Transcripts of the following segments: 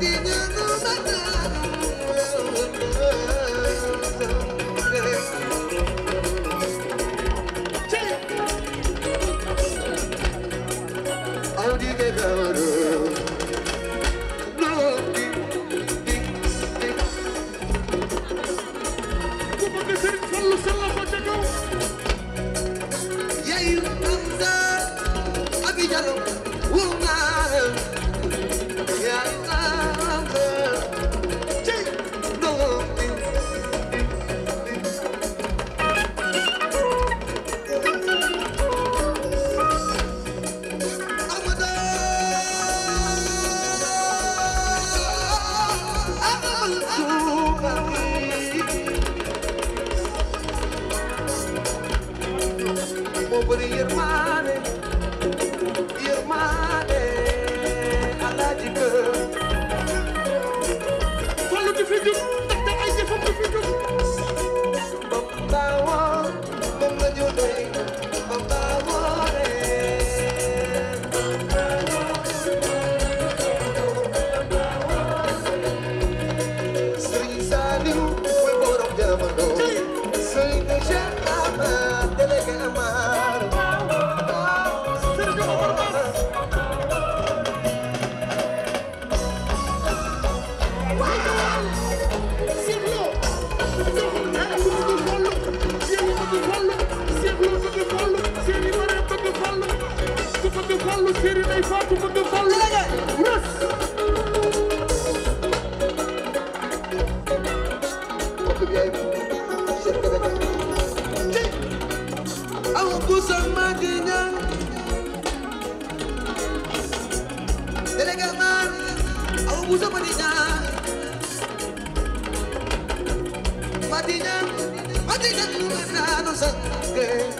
Yayu Hamza Abidjan Wunga pour yërmaa Sénégal man aw Moussa Madina Madina Madina ñu àndaanoo sa kër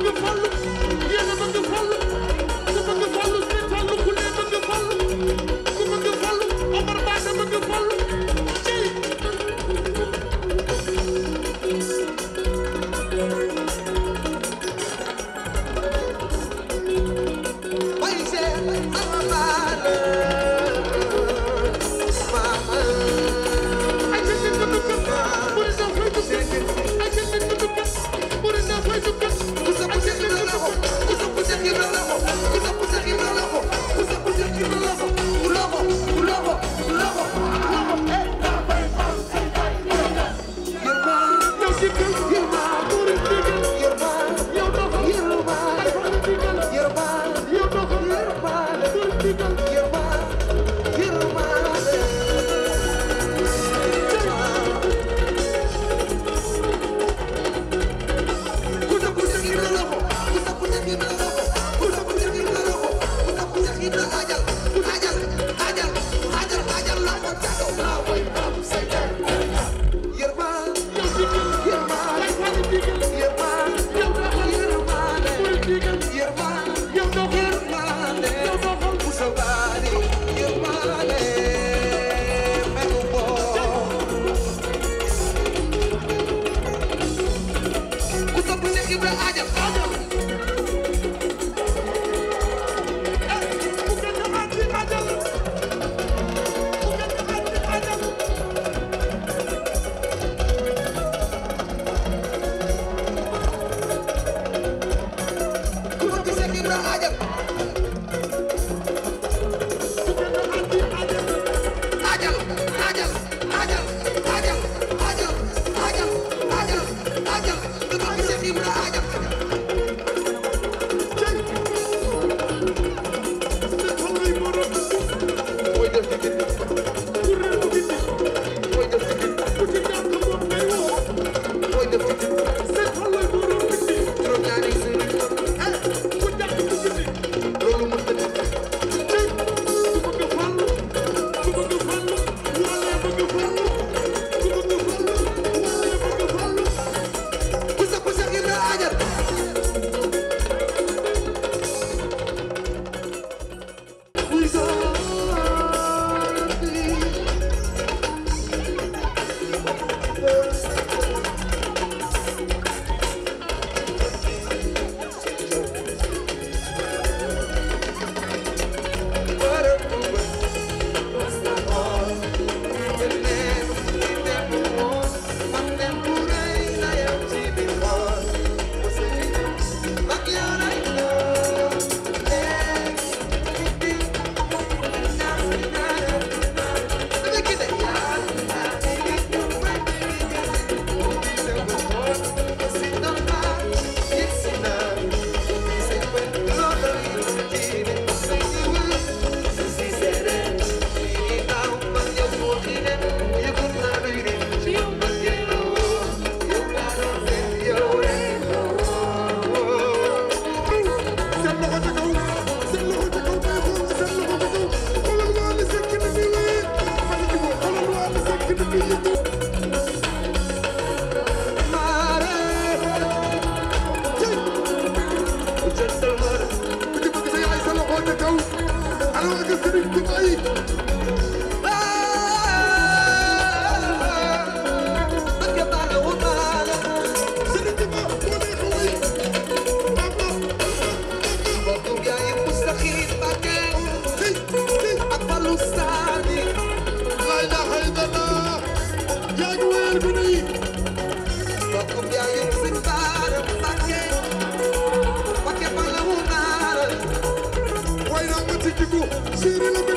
I'm a baller. topp Cheikh Ibrahima Adja alors que Serigne Touba yi Bakkum yaa yëpp seen baaraam Sénégal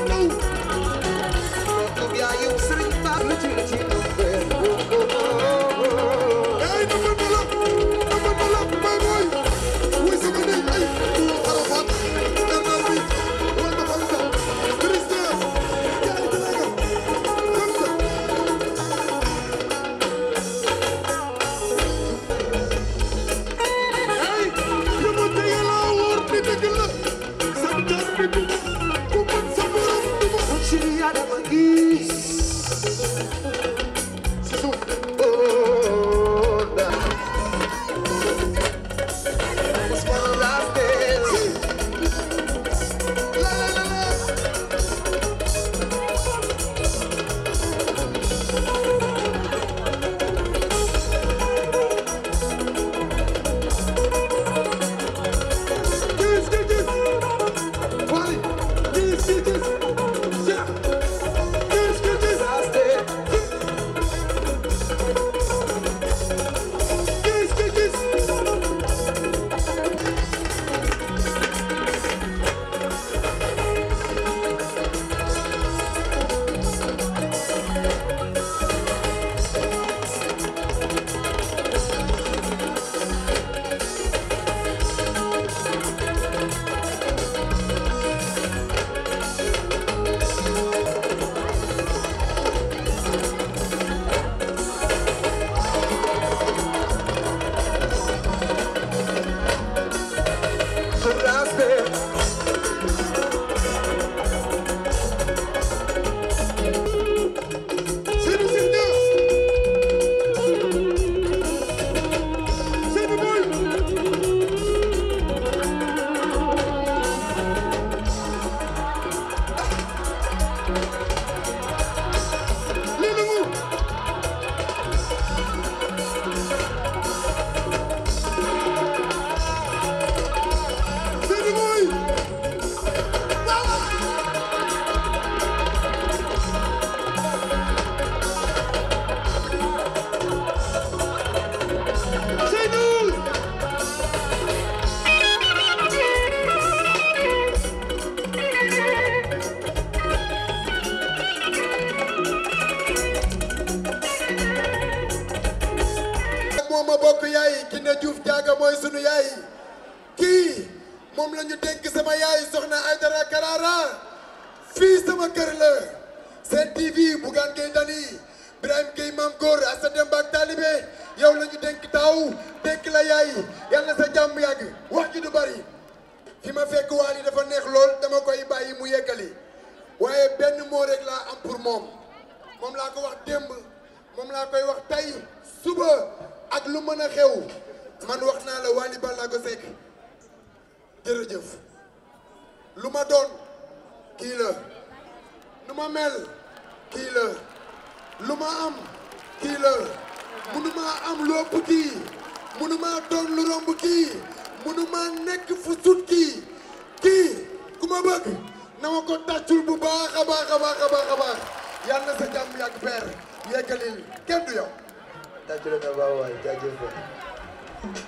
ma bokk yaay Kiné Diouf Diaga mooy sunu yaay kii moom la dénk sama yaay soxna Aïdara Karara fii sama kër la Sen TV Bougane Gueye Dany Birahim Gueye Mame Gor Assa Demba ak Talibé yow la ñu dénk taaw dénk la yaay yàlla sa jàmm yàgg wax ji du bari fi ma fekk waal yi dafa neex lool dama koy bàyyi mu yekkali waaye benn moo rek laa am pour moom moom laa ko wax démb moom laa koy wax tey suba ak lu mën a xew man wax naa la Wally Ballago Seck jërëjëf lu ma doon kii la nu ma mel kii la lu ma am kii la mënuma am lu ëpp kii mënuma doon lu romb kii mënuma nekk fu sut kii kii ku ma bëgg na ma ko tàccul bu baax a baax a yàlla sa jàmm yàgg peer yeggalil kenn du yow tàcc na baax waay jaajëf waay